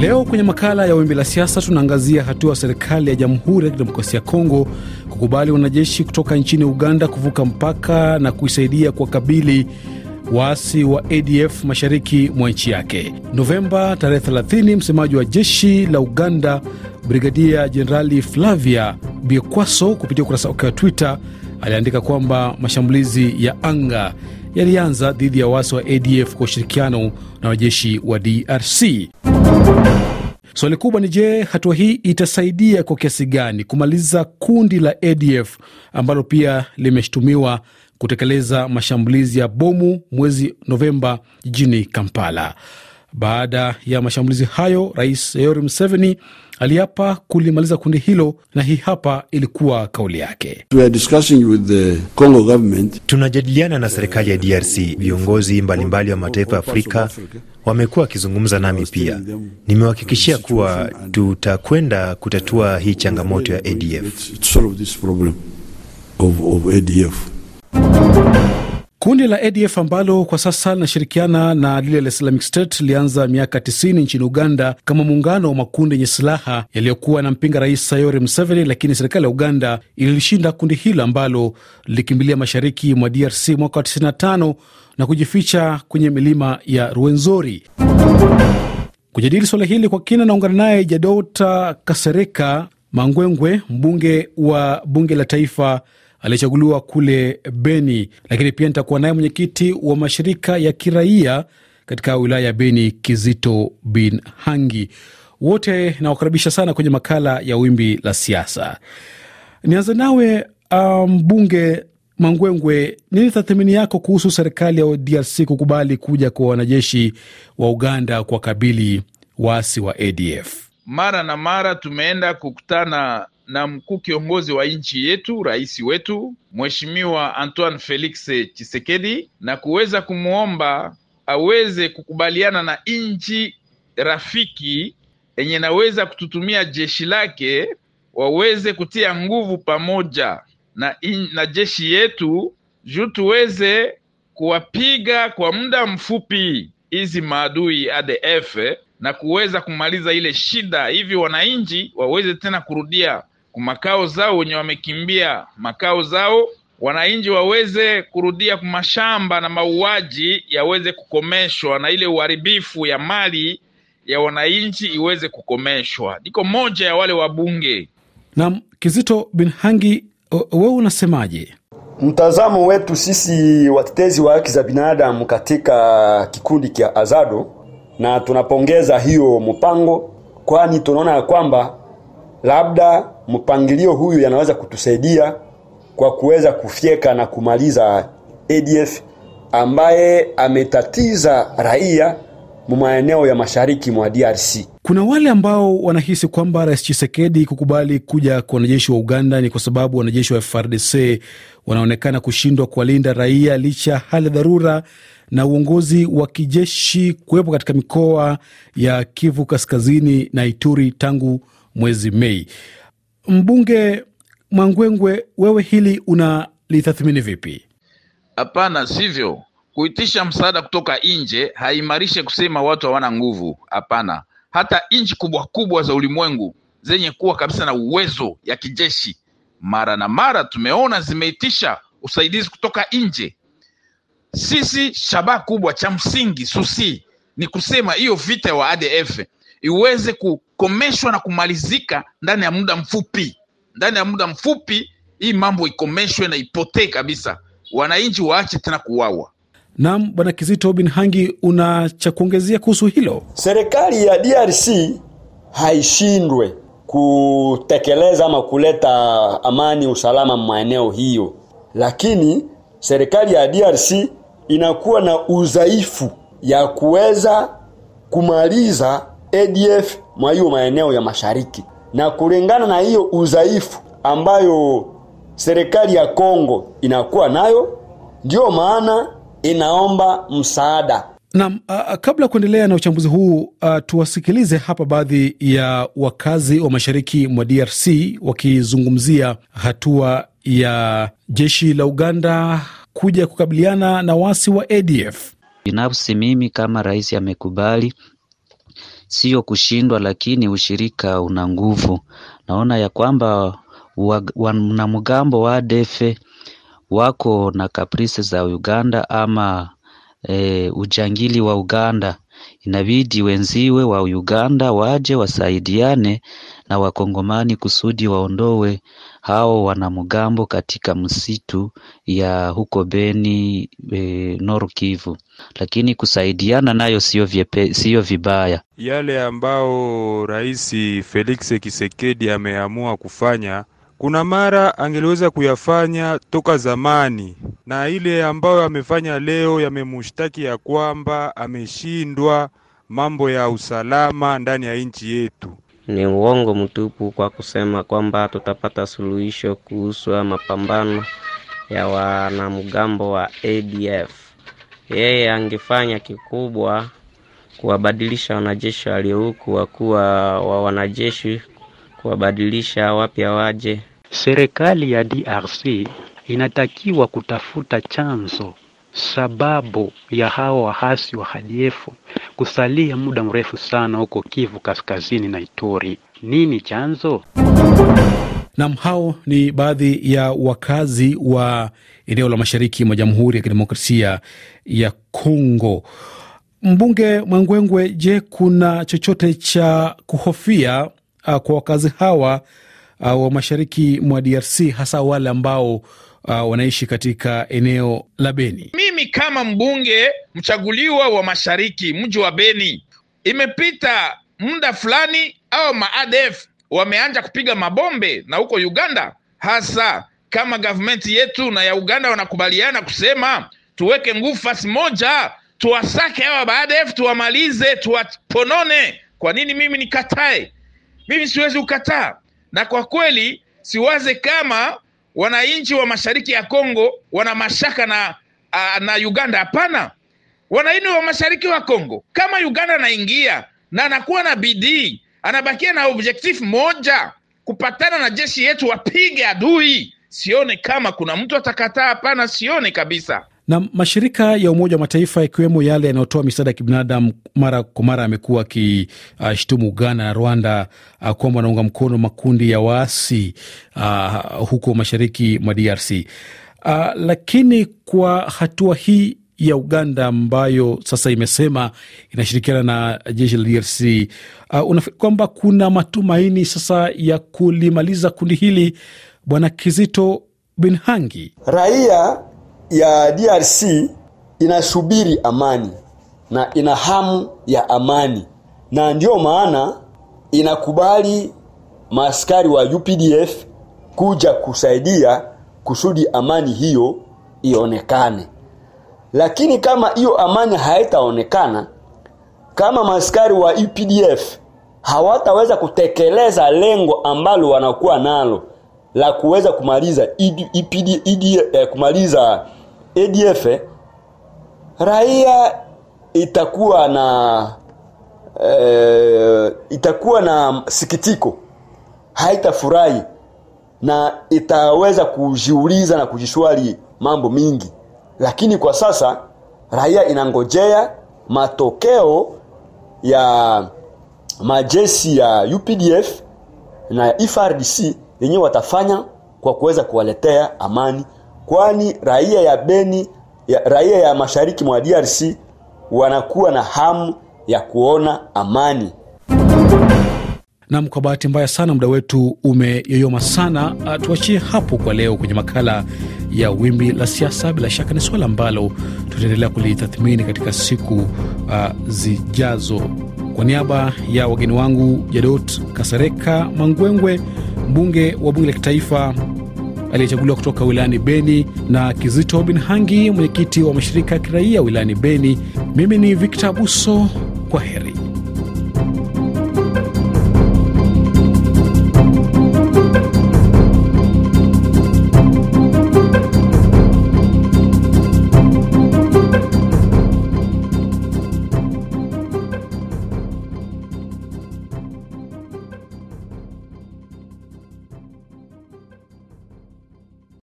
Leo kwenye makala ya Wimbi la Siasa tunaangazia hatua ya serikali ya Jamhuri ya Kidemokrasia ya Kongo kukubali wanajeshi kutoka nchini Uganda kuvuka mpaka na kuisaidia kuwakabili waasi wa ADF mashariki mwa nchi yake. Novemba tarehe 30, msemaji wa jeshi la Uganda Brigadia Jenerali Flavia Biekwaso kupitia ukurasa wake wa Twitter aliandika kwamba mashambulizi ya anga yalianza dhidi ya waasi wa ADF kwa ushirikiano na wajeshi wa DRC. Swali kubwa ni je, hatua hii itasaidia kwa kiasi gani kumaliza kundi la ADF ambalo pia limeshutumiwa kutekeleza mashambulizi ya bomu mwezi Novemba jijini Kampala. Baada ya mashambulizi hayo, Rais Yoweri Museveni aliapa kulimaliza kundi hilo, na hii hapa ilikuwa kauli yake. Tunajadiliana na serikali ya DRC. Viongozi mbalimbali wa mataifa ya Afrika wamekuwa wakizungumza nami, pia nimewahakikishia kuwa tutakwenda kutatua hii changamoto ya ADF. Kundi la ADF ambalo kwa sasa linashirikiana na lile la Islamic State lilianza miaka 90 nchini Uganda kama muungano wa makundi yenye silaha yaliyokuwa yanampinga Rais Sayori Museveni, lakini serikali ya Uganda ililishinda kundi hilo ambalo lilikimbilia mashariki mwa DRC mwaka wa 95 na kujificha kwenye milima ya ruenzori Kujadili suala hili kwa kina, naungana naye Jadota Kasereka Mangwengwe, mbunge wa bunge la taifa aliyechaguliwa kule Beni, lakini pia nitakuwa naye mwenyekiti wa mashirika ya kiraia katika wilaya ya Beni, Kizito Bin Hangi. Wote nawakaribisha sana kwenye makala ya Wimbi la Siasa. Nianze nawe mbunge um, Mangwengwe, nini tathmini yako kuhusu serikali ya DRC kukubali kuja kwa wanajeshi wa Uganda kuwakabili waasi wa ADF? Mara na mara tumeenda kukutana na mkuu kiongozi wa nchi yetu, rais wetu Mheshimiwa Antoine Felix Tshisekedi, na kuweza kumwomba aweze kukubaliana na nchi rafiki yenye naweza kututumia jeshi lake waweze kutia nguvu pamoja na, in, na jeshi yetu juu tuweze kuwapiga kwa muda mfupi hizi maadui ADF na kuweza kumaliza ile shida, hivi wananchi waweze tena kurudia makao zao wenye wamekimbia makao zao, wananchi waweze kurudia kumashamba na mauaji yaweze kukomeshwa na ile uharibifu ya mali ya wananchi iweze kukomeshwa. niko moja ya wale wabunge. Naam, Kizito Binhangi, wewe unasemaje? Mtazamo wetu sisi watetezi wa haki za binadamu katika kikundi cha Azado, na tunapongeza hiyo mpango, kwani tunaona ya kwamba labda mpangilio huyu yanaweza kutusaidia kwa kuweza kufyeka na kumaliza ADF ambaye ametatiza raia maeneo ya mashariki mwa DRC. Kuna wale ambao wanahisi kwamba Rais Chisekedi kukubali kuja kwa wanajeshi wa Uganda ni kwa sababu wanajeshi wa frdc wanaonekana kushindwa kuwalinda raia licha ya hali ya dharura na uongozi wa kijeshi kuwepo katika mikoa ya Kivu Kaskazini na Ituri tangu mwezi Mei. Mbunge Mwangwengwe, wewe hili unalitathmini vipi? Hapana, sivyo. Kuitisha msaada kutoka nje haimarishe kusema watu hawana nguvu. Hapana, hata nchi kubwa kubwa za ulimwengu zenye kuwa kabisa na uwezo ya kijeshi, mara na mara tumeona zimeitisha usaidizi kutoka nje. Sisi shabaha kubwa cha msingi susi ni kusema hiyo vita wa ADF iweze ikomeshwa na kumalizika ndani ya muda mfupi, ndani ya muda mfupi hii mambo ikomeshwe na ipotee kabisa, wananchi waache tena kuwawa. nam Bwana Kizito bin Hangi, una cha kuongezea kuhusu hilo? Serikali ya DRC haishindwe kutekeleza ama kuleta amani, usalama maeneo hiyo, lakini serikali ya DRC inakuwa na udhaifu ya kuweza kumaliza ADF mwa hiyo maeneo ya mashariki, na kulingana na hiyo udhaifu ambayo serikali ya Kongo inakuwa nayo, ndiyo maana inaomba msaada. Naam, kabla ya kuendelea na uchambuzi huu a, tuwasikilize hapa baadhi ya wakazi wa mashariki mwa DRC wakizungumzia hatua ya jeshi la Uganda kuja kukabiliana na wasi wa ADF. Binafsi mimi kama rais amekubali sio kushindwa, lakini ushirika una nguvu. Naona ya kwamba wanamgambo wa defe wako na kaprisi za Uganda ama e, ujangili wa Uganda. Inabidi wenziwe wa Uganda waje wasaidiane na Wakongomani kusudi waondowe hao wanamgambo katika msitu ya huko Beni e, Nord Kivu, lakini kusaidiana nayo siyo vyepe, siyo vibaya. Yale ambao Rais Felix Tshisekedi ameamua kufanya kuna mara angeliweza kuyafanya toka zamani, na ile ambayo amefanya leo yamemushtaki ya kwamba ameshindwa mambo ya usalama ndani ya nchi yetu. Ni uongo mtupu kwa kusema kwamba tutapata suluhisho kuhusu mapambano ya wanamgambo wa ADF. Yeye angefanya kikubwa kuwabadilisha wanajeshi waliokuwa kuwa wa wanajeshi kuwabadilisha wapya waje. Serikali ya DRC inatakiwa kutafuta chanzo sababu ya hawa wahasi wa hadiefu kusalia muda mrefu sana huko Kivu Kaskazini na Ituri. Nini chanzo? Nam, hao ni baadhi ya wakazi wa eneo la mashariki mwa Jamhuri ya Kidemokrasia ya Kongo. Mbunge Mwangwengwe, je, kuna chochote cha kuhofia uh, kwa wakazi hawa uh, wa mashariki mwa DRC hasa wale ambao uh, wanaishi katika eneo la Beni. Mimi kama mbunge mchaguliwa wa mashariki mji wa Beni, imepita muda fulani au maadf wameanja kupiga mabombe na huko Uganda, hasa kama gavumenti yetu na ya Uganda wanakubaliana kusema tuweke nguvu fasi moja, tuwasake hawa baadef, tuwamalize, tuwaponone. Kwa nini mimi nikatae? Mimi siwezi kukataa, na kwa kweli siwaze kama wananchi wa mashariki ya Kongo wana mashaka na, na Uganda? Hapana, wananchi wa mashariki wa Kongo, kama Uganda anaingia na anakuwa na bidii, anabakia na objective moja, kupatana na jeshi yetu wapige adui, sione kama kuna mtu atakataa. Hapana, sione kabisa. Na mashirika ya Umoja wa Mataifa yakiwemo yale yanayotoa misaada ya kibinadamu mara kwa mara yamekuwa uh, Uganda na Rwanda ah, kwamba wanaunga mkono makundi ya waasi uh, huko mashariki mwa DRC uh, ah, lakini kwa hatua hii ya Uganda ambayo sasa imesema inashirikiana na jeshi la DRC uh, unafikiri kwamba kuna matumaini sasa ya kulimaliza kundi hili, Bwana Kizito Binhangi? Raia ya DRC inasubiri amani na ina hamu ya amani, na ndiyo maana inakubali maaskari wa UPDF kuja kusaidia kusudi amani hiyo ionekane. Lakini kama hiyo amani haitaonekana, kama maaskari wa UPDF hawataweza kutekeleza lengo ambalo wanakuwa nalo la kuweza kumaliza, idi, e ipidi, e idi, e eh, kumaliza ADF eh, raia itakuwa na eh, itakuwa na sikitiko, haitafurahi na itaweza kujiuliza na kujiswali mambo mingi, lakini kwa sasa raia inangojea matokeo ya majeshi ya UPDF na FRDC yenyewe watafanya kwa kuweza kuwaletea amani kwani raia ya Beni ya, raia ya mashariki mwa DRC wanakuwa na hamu ya kuona amani. Nam, kwa bahati mbaya sana muda wetu umeyoyoma sana. Ah, tuachie hapo kwa leo kwenye makala ya wimbi la siasa. Bila shaka ni suala ambalo tutaendelea kulitathmini katika siku uh, zijazo. Kwa niaba ya wageni wangu Jadot Kasereka Mangwengwe, mbunge wa bunge la kitaifa aliyechaguliwa kutoka wilayani Beni na Kizito Binhangi, mwenyekiti wa mashirika ya kiraia wilayani Beni. Mimi ni Victor Buso, kwa heri.